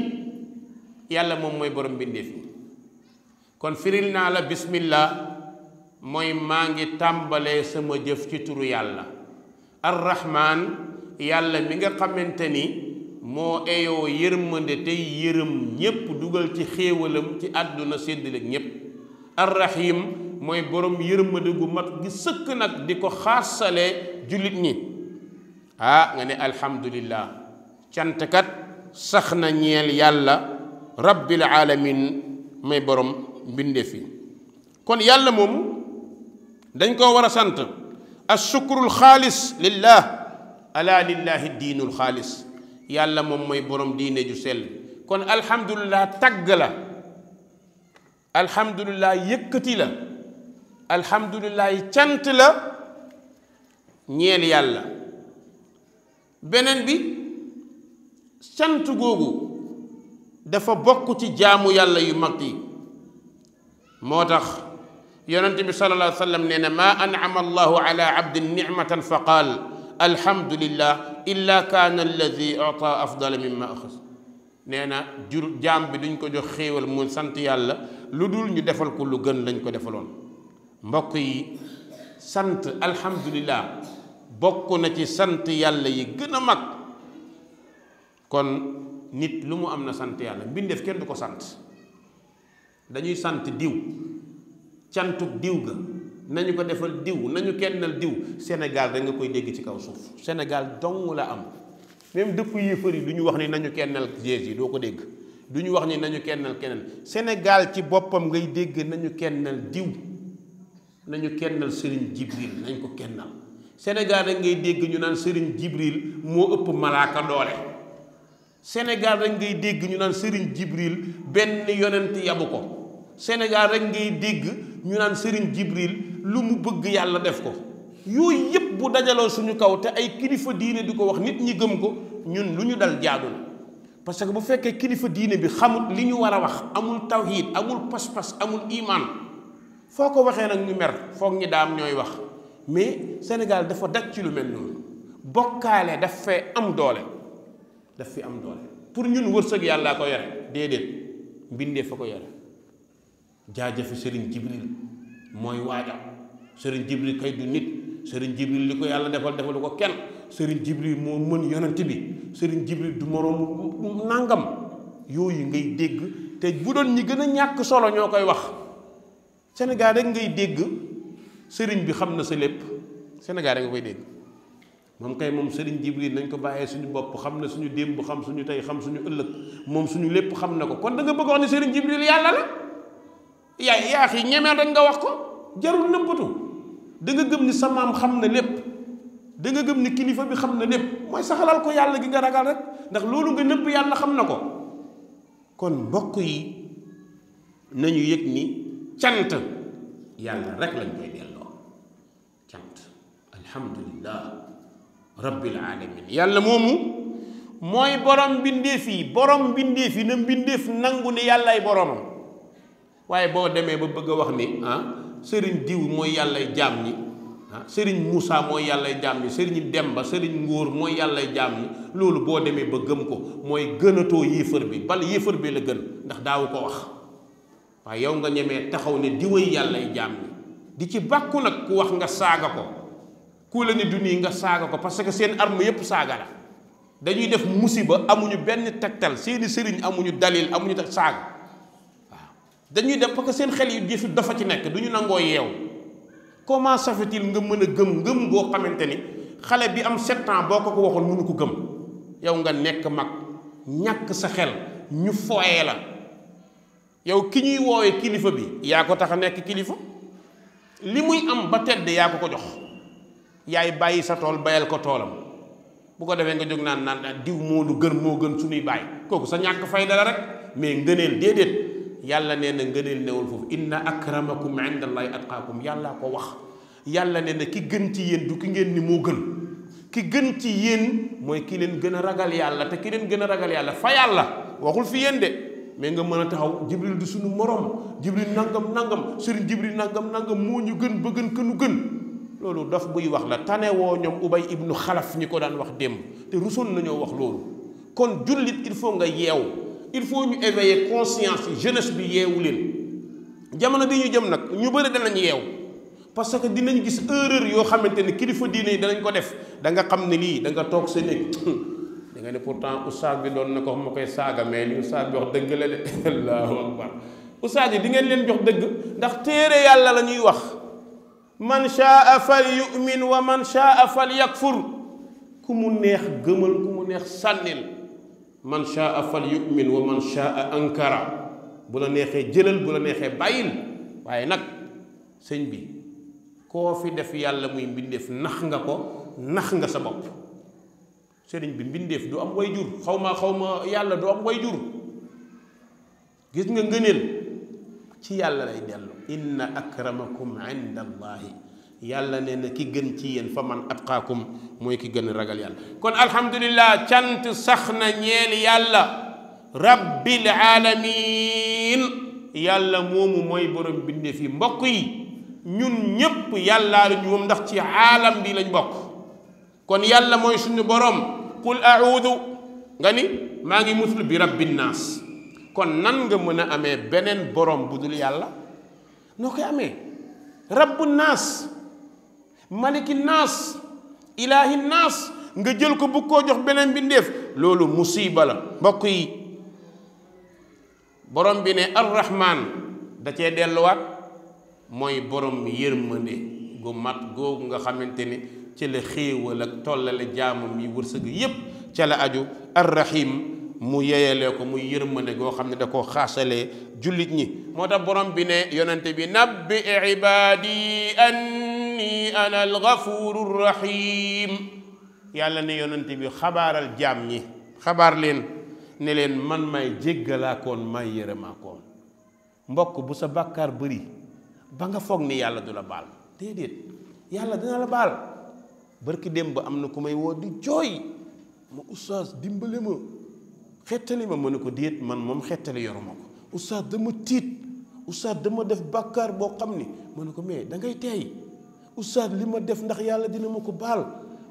yàlla moom mooy borom mbindeef yi kon firil naa la bismillah mooy maa ngi tàmbalee sama jëf ci turu yàlla arrahman yàlla mi nga xamante ni moo eyoo yërmande tey yërëm ñépp dugal ci xéewalam ci àdduna séddale ak ñépp arrahim mooy borom yërmande gu mat gi sëkk nag di ko xasale jullit ñi ah nga ne alhamdulillah cantkat sax na ñeel yàlla rabbil alamin may borom mbindeef yi kon yàlla moomu dañ koo war a sant ashukrul xaalis lillah ala lillahi diinul xaalis yàlla moom mooy borom diine ju sell kon alhamdulillah tagg la alhamdulillah yëkkati la alhamdulillah cant la ñeel yàlla beneen bi sant googu dafa bokk ci jaamu yàlla yu mag yi moo tax yonent bi sallallahu alayhi wa sallam nee na maa an'ama allahu ala abdin fa qaal alhamdulillah illa kaana alladi ata afdala mimma axas nee na jur jaam bi duñ ko jox xéewal mu sant yàlla lu dul ñu defal ko lu gën lañ ko defaloon mbokk yi sant alhamdulillah bokk na ci sant yàlla yi gën a mag kon nit lu mu am na sant yàlla mbindeef kenn du ko sant dañuy sant diw cantug diw ga nañu ko defal diw nañu kennal diw Sénégal rek nga koy dégg ci kaw suuf Sénégal dong la am même dëkk yéefar yi du wax ni nañu kennal Jéesu yi doo ko dégg du ñu wax ni nañu kennal keneen Sénégal ci boppam ngay dégg nañu kennal diw nañu kennal Serigne Jibril nañ ko kennal Sénégal rek ngay dégg ñu naan Serigne Jibril moo ëpp malaaka doole Sénégal rek ngay dégg ñu naan Serigne Jibril benn yonent yabu ko Sénégal rek ngay dégg ñu naan sëriñ Jibril lu mu bëgg yàlla def ko yooyu yëpp bu dajaloo suñu kaw te ay kilifa diine di ko wax nit ñi gëm ko ñun lu ñu dal jaadul parce que bu fekkee kilifa diine bi xamut li ñu war a wax amul tawhid amul pas-pas amul iman foo ko waxee nag ñu mer foog ñi daam ñooy wax mais Sénégal dafa daj ci lu mel noonu bokkaale daf fee am doole daf fi am doole pour ñun wërsëg yàllaa ko yore déedéet mbindee fa ko yore jaajëfe sëriñ jibril mooy waajal sëriñ jibril kay du nit sëriñ jibril li ko yàlla defal defalu ko kenn sëriñ jibril moo mën yonent bi sëriñ jibril du moroomu nàngam yooyu ngay dégg te bu doon ñi gën a ñàkk solo ñoo koy wax Sénégal ngay dégg sëriñ bi xam na sa lépp Sénégal rek nga koy dégg moom kay moom sëriñ jibril nañ ko bàyyee suñu bopp xam na suñu démb xam suñu tey xam suñu ëllëg moom suñu lépp xam na ko kon da nga bëgg wax ne sëriñ jibril yàlla la yaay yaa xi ñemee rek nga wax ko jarul nëbbatu da gëm ni sa maam xam na népp danga gëm ni kilifa bi xam na lépp mooy saxalal ko yàlla gi nga ragal rek ndax loolu nga nëbb yàlla xam na ko kon mbokk yi nañu yëg ni cant yàlla rek lañ koy delloo cant alhamdulillah rabbil alamin yàlla moomu mooy borom mbindeef yi borom mbindeef yi na mbindeef nangu ne yàllaay boromam waaye boo demee ba bëgg a wax ni ah sëriñ diw mooy yàllay jaam ñi ah sëriñ Moussa mooy yàllay jaam ñi sëriñ Demba sëriñ Ngóor mooy yàllay jaam loolu boo demee ba gëm ko mooy gënatoo yéefar bi bal yéefar bi la gën ndax daawu ko wax waaye yow nga ñemee taxaw ne diway yàllay jaam ñi di ci bàkku nag ku wax nga saaga ko ku la ni du nii nga saaga ko parce que seen arme yépp saaga la dañuy def musiba amuñu benn tegtal seeni sëriñ amuñu dalil amuñu saaga dañuy def parce que seen xel yi jëfi dafa ci nekk du ñu nangoo yeew comment ça fait nga mën a gëm gëm boo xamante ni xale bi am sept boo ko ko waxoon mënu ko gëm yow nga nekk mag ñàkk sa xel ñu fooyee la yow ki ñuy woowee kilifa bi yaa ko tax a nekk kilifa li muy am ba tedd yaa ko ko jox yaay bàyyi sa tool bayal ko toolam bu ko defee nga jóg naan naan diw moo lu gën moo gën suñuy bàyyi kooku sa ñàkk fayda la rek mais ngëneel déedéet yàlla nee na ngëneel newul foofu inna akramakum indallahi atqaakum yàllaa ko wax yàlla nee na ki gën ci yéen du ki ngeen ni moo gën ki gën ci yéen mooy ki leen gën a ragal yàlla te ki leen gën a ragal yàlla fa yàlla waxul fi yéen de mais nga mën a taxaw jibril du suñu morom jibril nangam nangam sëriñ jibril nangam nangam moo ñu gën ba gën kënu gën loolu daf buy wax la woo ñoom ubay ibnu xalaf ñi ko daan wax démb te rusoon nañoo wax loolu kon jullit il faut nga yeew il faut ñu éveiller conscience yi bi yeewu leen jamono bi ñu jëm nag ñu bëri danañ yeew parce que dinañ gis erreur yoo xamante ni kilifa diine yi danañ ko def da nga xam ne lii da nga toog sa néeg da nga ne pourtant oustaz bi doon na ko ma koy saaga mais li oustaz bi wax dëgg la de allahu yi di ngeen leen jox dëgg ndax téere yàlla la ñuy wax man shaa fal wa man shaa fal yakfur ku mu neex gëmal ku mu neex sànnil man shaa fal yu'min wa man shaa ankara bu la neexee jëlal bu la neexee bàyyil waaye nag sëñ bi koo fi def yàlla muy mbindeef nax nga ko nax nga sa bopp sëriñ bi mbindeef du am way jur xaw ma xaw ma yàlla du am way jur gis nga ngëneel ci yàlla lay dellu inna akramakum inda allahi yàlla nee na ki gën ci yéen fa man atqaakum mooy ki gën ragal yàlla kon alhamdulillah cant sax na ñeel yàlla rabbil alamin yàlla moomu mooy borom bindeef yi mbokk yi ñun ñépp yàlla lañu moom ndax ci aalam bi lañ bokk kon yàlla mooy suñu borom qul audu nga ni maa ngi muslu bi rabbin naas kon nan nga mën a amee beneen borom bu dul yàlla noo koy amee rabbu naas maliki naas ilaahi naas nga jël ko bugg koo jox beneen bindeef loolu musiba la mbokk yi borom bi ne arrahman da cee delluwaat mooy borom yërmande gu mat googu nga xamante ne ci la xéewal ak tollale jaamam yi wërsëg yépp ca la aju arrahim mu yeyalee ko muy yërmande goo xam ne da koo xaasalee jullit ñi moo tax borom bi ne yonente bi nabbi ibaadi an inni ana alxafuru rahim yàlla ne yonent bi xabaaral jaam ñi xabaar leen ne leen man may jéggalaakoon may yërëmaakoon mbokk bu sa bàkkaar bëri ba nga foog ni yàlla du la baal déedéet yàlla dina la baal barki démb am na ku may woo di jooy ma oustaz dimbale ma xettali ma mënu ko déet man moom xettali yoruma ko oustaz dama tiit oustaz dama def bàkkaar boo xam ni ma ne ko mais da ngay oustaz li ma def ndax yàlla dina ma ko baal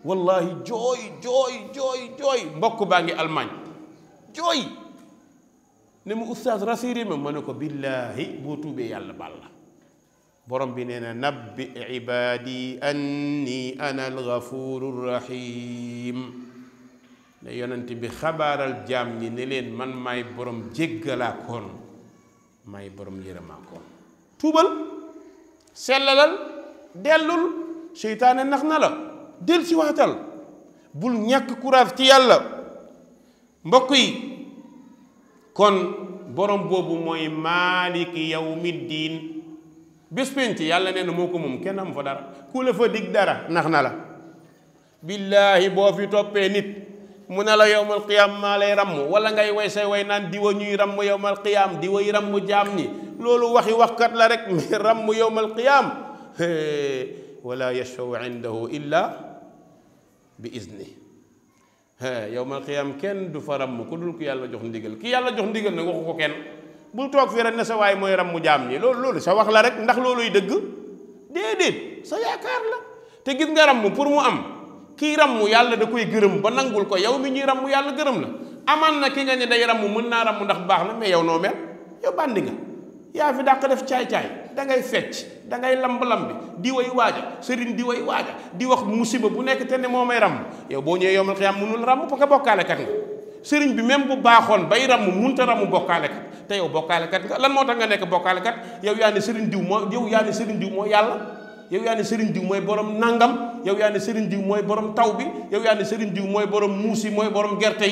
wallahi jooy jooy jooy mbokk baa ngi Allemagne jooy ne mu oustaz rasiri ma ne ko billaahi boo tuubee yàlla baal la borom bi nee na nabbi ibaadi anni ana algafuru rahim ne yonent bi xabaaral jaam yi ne leen man maay borom jéggalaakoon maay borom yërëmaakoon tuubal sellalal dellul seytaane nax na la del si waatal bul ñàkk courage ci yàlla mbokk yi kon borom boobu mooy maaliki yawmiddiin bés pénc yàlla nee na moo ko moom kenn am fa dara ku la fa dig dara nax na la billaahi boo fi toppee nit mu ne la yowmal qiyaam maa lay ramm wala ngay way say way naan diwa ñuy ramm yowmal qiyaam diwa yi ramm jaam ñi loolu waxi waxkat la rek mais ramm yowmal qiyaam wala yashfau indahu illa bi izni yowmal qiyaam kenn du fa ramm ku dul yàlla jox ndigal ki yàlla jox ndigal nag waxu kenn bul toog fii rek sa waay mooy ramm jaam ñi loolu loolu sa wax la rek ndax looluy dëgg déedéet sa te gis nga ramm pour mu am kii ramm yàlla da koy gërëm ba nangul ko yow mi ñuy ramm yàlla gërëm la amaan na ki nga ne day ramm mën naa ramm ndax baax na mais yow noo mel yow bàndi nga yaa fi dàq def caay-caay da ngay fecc da ngay lamb-lambi di way waaja sëriñ di way waaja di wax musiba bu nekk te ne moo may ràmm yow boo ñëwee yomal xiyaam mënul ràmm parce que sëriñ bi même bu baaxoon bay ràmm munta ràmm bokkaalekat te yow bokkaalekat nga lan moo tax nga nekk bokkaalekat yow yaa ne sëriñ moo yow yaa ne sëriñ moo yàlla yow yaa ne sëriñ diw mooy borom nangam yow yaa ne sëriñ diw mooy borom taw bi yow yaa ne sëriñ diw mooy borom muus yi mooy borom gerte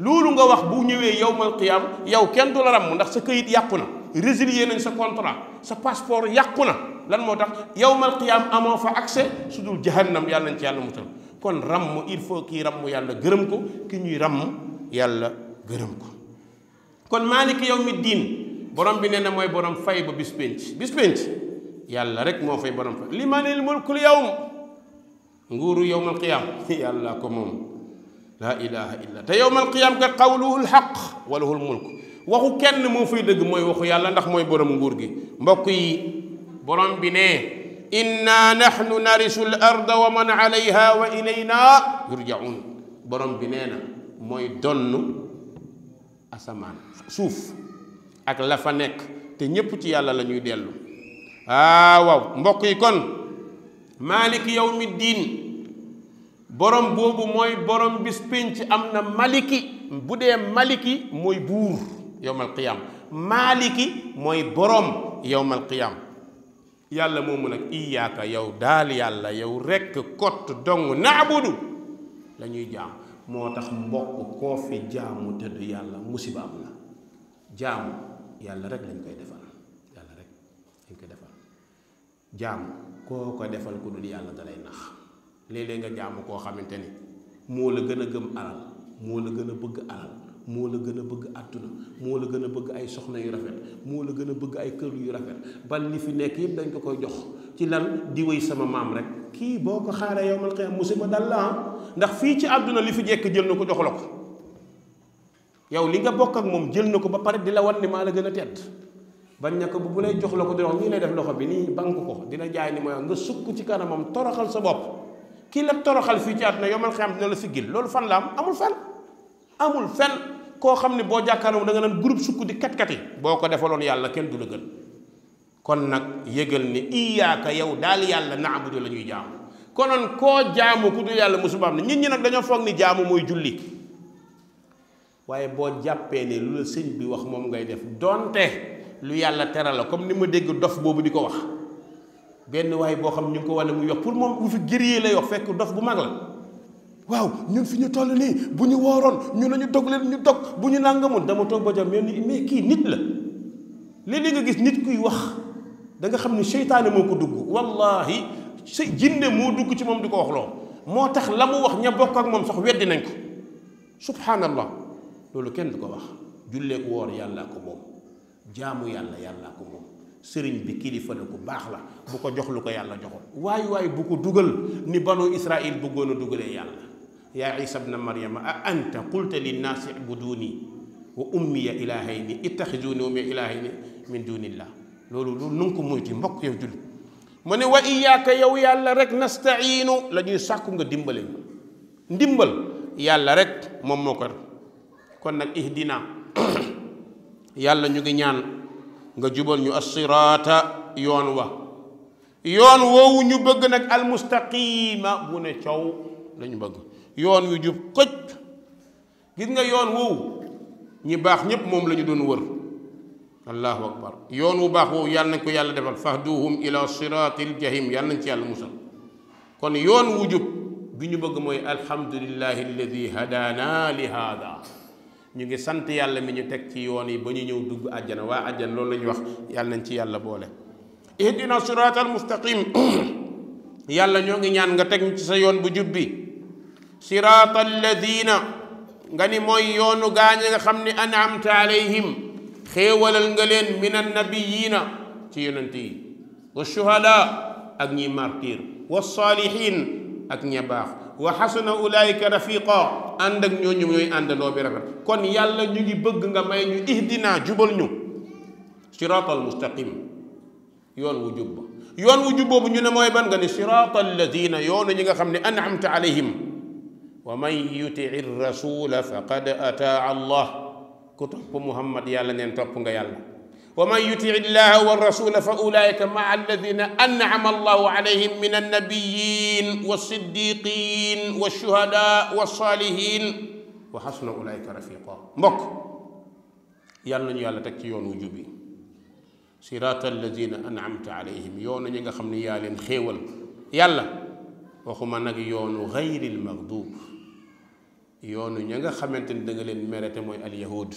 loolu nga wax bu ñëwee yow mal yow kenn du la ràmm ndax sa kayit yàqu na résilier nañ sa contrat sa passeport yàqu na lan moo tax yawmal qiyaam amoo fa accès su dul jahannam yàlla nañ ci yàlla mutal kon ramm il faut kii ramm yàlla gërëm ko ki ñuy ramm yàlla gërëm ko kon maaliki yawmi diin borom bi nee na mooy borom fay ba bis pénc bis pénc yàlla rek moo fay borom fay li manil mulkul yawm nguuru yawmal qiyaam yàlla ko moom laa ilaha illa te yawmal qiyaam kat qawluhu lxaq wa lahul mulk waxu kenn moo fay dëgg mooy waxu yàlla ndax mooy borom nguur gi mbokk yi borom bi ne inna nahnu narisu l arda wa man alayha wa ilayna yurjaun borom bi nee na mooy donn asamaan suuf ak la fa nekk te ñépp ci yàlla la ñuy dellu ah mbokk yi kon malik yawmi diin borom boobu mooy borom bis am na maliki bu dee maliki mooy buur yowmal qiyam maaliki mooy boroom yowmal qiyam yàlla moomu nag iyaaka yow daal yàlla yow rekk kott dong naabudu la ñuy jaam moo tax mbokk koo fi jaamu te yàlla musiba am na jaamu yàlla rek lañ koy defal yàlla rek lañ koy defal jaamu koo ko defal ku dul yàlla dalay nax léeg nga jaamu koo xamante ni moo la gën a gëm alal moo la gën a bëgg alal moo la gën a bëgg àdduna moo la gën a bëgg ay soxna yu rafet moo la gën a bëgg ay kër yu rafet bal li fi nekk yëpp dañ ko koy jox ci lan di wéy sama maam rek kii boo ko xaaree yowmal qiyaam musiba dal la ah. ndax fii ci àdduna li fi jekk jël na ko jox la ko yow li nga bokk moom jël na ko ba pare di la wan ne maa la gën a tedd bañ na bu bu jox la ko di def loxo bi nii bank ko dina jaay ni mooy nga sukk ci kanamam toroxal sa bopp kii la toroxal fii ci àdduna yowmal qiyaam dina la siggil loolu fan la am amul fen amul fen koo xam ne boo jàkkaarloo da nga naan groupe sukk di kat-kati boo ko defaloon yàlla kenn du la gën kon nag yëgal ne iyaaka yow daal yàlla naabudu la ñuy jaamu konoon koo jaamu ku dul yàlla musubaam ne na ñi nag dañoo foog ni jaamu mooy julli waaye boo jàppee ne lu bi wax moom ngay def donte lu yàlla teral la comme ni ma dégg dof boobu di ko wax benn waaye boo xam ñu ko wane mu wax pour moom bu fi gëree la wax fekk dof bu mag la waaw ñun fi ñu toll nii bu ñu wooroon ñu ne ñu dog leen ñu dog bu ñu nangamul dama toog ba jam mel ni mais kii nit la léeg nga gis nit kuy wax da xam ne seytaane moo ko dugg wallaahi sa jinne moo dugg ci moom di ko wax loo moo tax la mu wax ña bokk ak moom sax weddi nañ ko subhaanallah loolu kenn du ko wax julleeku woor yàlla ko moom jaamu yàlla yàllaa ko moom sëriñ bi kilifa la bu baax la bu ko jox lu ko yàlla joxoon waaye waaye bu ko dugal ni banu Israël bëggoon a dugalee yàlla yaa isa bna maryama a anta qulta linnaasi ibuduni wa ummiya ilahayni ittaxiduni ummiya ilahayni min dunillah loolu loolu nu nga ko moytu mbokk yow jullit mu ne wa iyaaka yow yàlla rek nasta'iinu la ñuy sàkku nga dimbale ndimbal yàlla rek moom moo kon nag ihdina yàlla ñu ngi ñaan nga jubal ñu assiraata yoon wa yoon woowu ñu bëgg nag almustaqima bu ne coow lañu bëgg yoon wi jub xëj gis nga yoon woowu ñi baax ñépp moom la ñu doon wër allahu akbar yoon wu baax woowu yàlla nañ ko yàlla defal fahduhum ila siratil jahim yàlla nañ ci yàlla musal kon yoon wu jub bi ñu bëgg mooy alhamdulillahi alladi hadaana li ñu ngi sant yàlla mi teg ci yoon yi ba ñu ñëw dugg àjjana waa loolu la wax yàlla nañ ci yàlla boole ñoo ngi ñaan nga teg ci sa yoon bu jub bi siraata alladina nga ni mooy yoonu gaañe nga xam ni an'amta alayhim xéewalal nga leen min annabiyina ci yonent yi wa shuhada ak ñi martir wa saalihin ak ña baax wa xasuna ulaayika rafiqa ànd ak ñooñu ñooy àndandoo bi rafet kon yàlla ñu ngi bëgg nga may ñu ihdina jubal ñu siraatal mustaqim yoon wu jub yoon wu jub boobu ñu ne mooy ban nga ni siraatal ladina yoonu ñi nga xam ne an'amta alayhim wa man yutii rasula faqad ataa allah ku topp muhammad yàlla neen topp nga yàlla wa man yutii illaha wa rasula fa ulaika maa alladina an'ama allahu alayhim min annabiyin wa siddiqin wa shuhada wa salihin wa xasna ulaika rafiqa mbokk yàlla nañu yàlla teg ci yoon wu jub bi sirata alladina an'amta alayhim yoon nañu nga xam ne yaa leen xéewal yàlla waxuma nag yoonu gayril magdub yoonu ña nga xamante ni da leen mere te mooy al yahud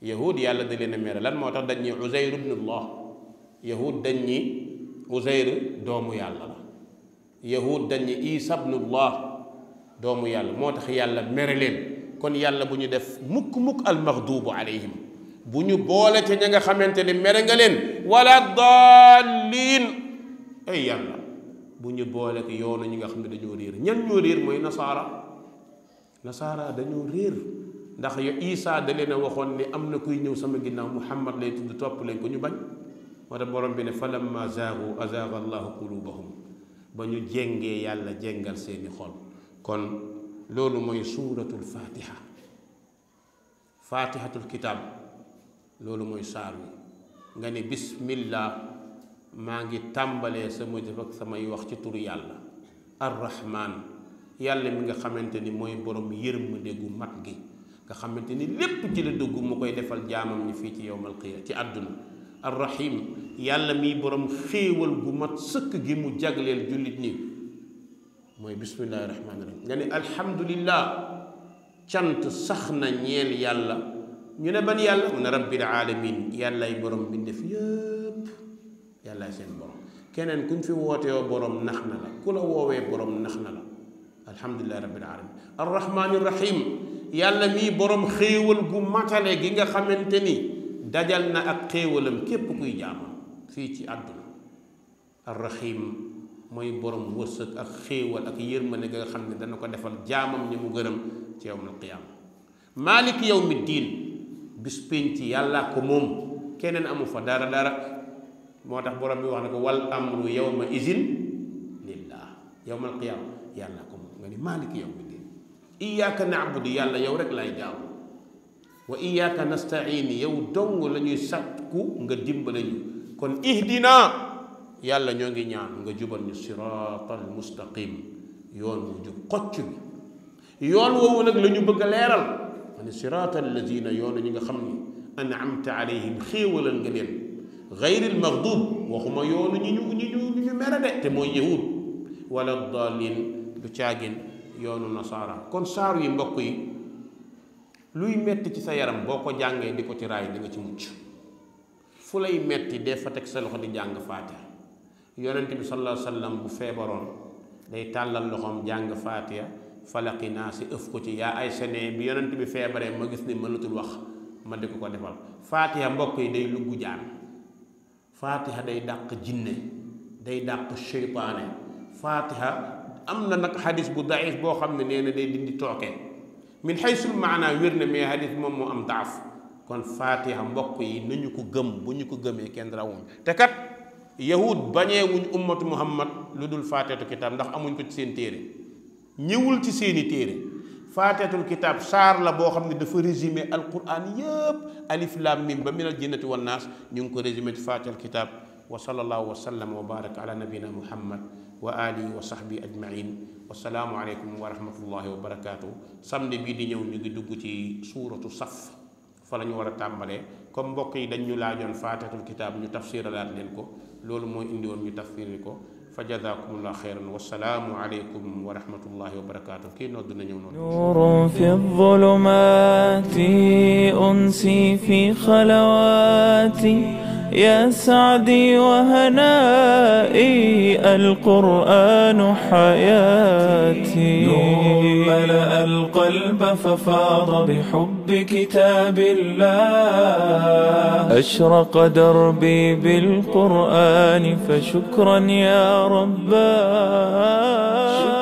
yàlla da leen mere lan moo tax dañ ñi Uzayr ibnullah yahud dañ ñi Uzayr doomu yàlla la yahud dañ ñi Isa ibnullah doomu yàlla moo tax yàlla mere leen kon yàlla bu ñu def mukk mukk al maxdubu bu ñu boole te ña nga xamante ni mere nga leen wala daalliin ay yàlla bu ñu boole ak yoonu ñi nga xam ne dañoo réer ñan ñoo réer mooy nasaara nasaara dañoo réer ndax yo Isa da leen waxoon ne am na kuy ñëw sama ginnaaw Muhammad lay tudd topp leen ko ñu bañ moo tax borom bi ne falamma zaagu azaaga allahu qulubahum ba ñu jéngee yàlla jéngal seeni xol kon loolu mooy suuratul fatiha fatihatul kitaab loolu mooy saar nga ne bismillah maa ngi tàmbalee sama jëf ak samay wax ci turu yàlla arrahman yàlla mi nga xamante ni mooy borom yërmande gu mat gi nga xamante ni lépp ci la dugg mu koy defal jaamam ni fii ci yowmal qiyaama ci àdduna arrahim yàlla miy borom xéewal gu mat sëkk gi mu jagleel jullit nii mooy bismillahi rahmaani rahim nga cant sax na ñeel yàlla ñu ne ban yàlla mu ne rabbil alamin yàllaay yëpp yàllaay seen borom keneen kuñ fi wootewoo borom nax na la ku la woowee borom nax na la alhamdulilahi rabbil alamin arrahmani rahim yàlla mii borom xéewal gu matale gi nga xamante ni dajal na ak xéewalam képp kuy jaamam fii ci àdduna arrahim mooy borom wërsëg ak xéewal ak yërmande nga xam ne dana ko defal jaamam ñi mu gërëm ci yowmal qiyaama maalik yowmi diin bis pénc yàllaa ko moom keneen amu fa dara dara moo tax borom bi wax na ko wal amru yowma izin lillah yowmal qiyaama yàlla nga ni maaliki yawmi diin iyaaka naabudu yàlla yow rek laay jaamu wa iyaaka nastaini yow dong la ñuy sàkku nga dimbale ñu kon ihdina yàlla ñoo ngi ñaan nga jubal ñu siraatal mustaqim yoon wu jub bi yoon woowu la ñu bëgg a leeral ma ne siraatal lazina yoonu ñi nga xam ni an'amta alayhim xéewalal nga leen gayril maghdub waxuma yoonu ñi ñu ñi ñu ñu mere te mooy yahud wala daalin du caagin yoonu nasaara kon saaru yi mbokk yi luy metti ci sa yaram boo ko jàngee di ko ci raay di nga ci mucc fu lay metti dee fa teg sa loxo di jàng faatiha yonent bi sallallahu bu feebaroon day tàllal loxoom jàng faatiha falaqi si ëf ko ci ay sene bi bi feebaree ma gis ne mënatul wax ma di ko ko defal faatiha mbokk yi day lugg jaan faatiha day dàq jinne day dàq seytaane faatiha am na nag xadis bu daif boo xam ne nee na day dindi tooke min xaysul maanaa wér na mais xadis moom moo am daaf kon fatiha mbokk yi nañu ko gëm bu ñu ko gëmee kenn rawuñ te kat yahud bañee wuñ ummatu muhammad lu dul fatihatu kitaab ndax amuñ ko ci seen téere ñëwul ci seeni téere fatihatul kitaab saar la boo xam ne dafa résime alquran yëpp alif lam mim ba minal jinnati wan naas ñu ngi ko résumé ci fatihatul kitaab wa sallallahu wa sallam wa baraka ala nabina muhammad wa alihi wa sahbi ajmain wasalaamu aleykum wa rahmatullahi wa barakaatu samedi bii di ñëw ñu ngi dugg ci suuratu saf fa la ñu war a tàmbalee comme mbokk yi dañ ñu laajoon faatihatul kitaab ñu tafsiralaat leen ko loolu mooy indi woon ñu tafsiril ko fa jazakumullah xeyran wasalaamu aleykum wa rahmatullahi wa barakaatu kii nodd na ñëw noonu nuurun fi zulumaati unsi fi xalawaati يا سعدي وهنائي القرآن حياتي نور ملأ القلب ففاض بحب كتاب الله أشرق دربي بالقرآن فشكرا يا رباه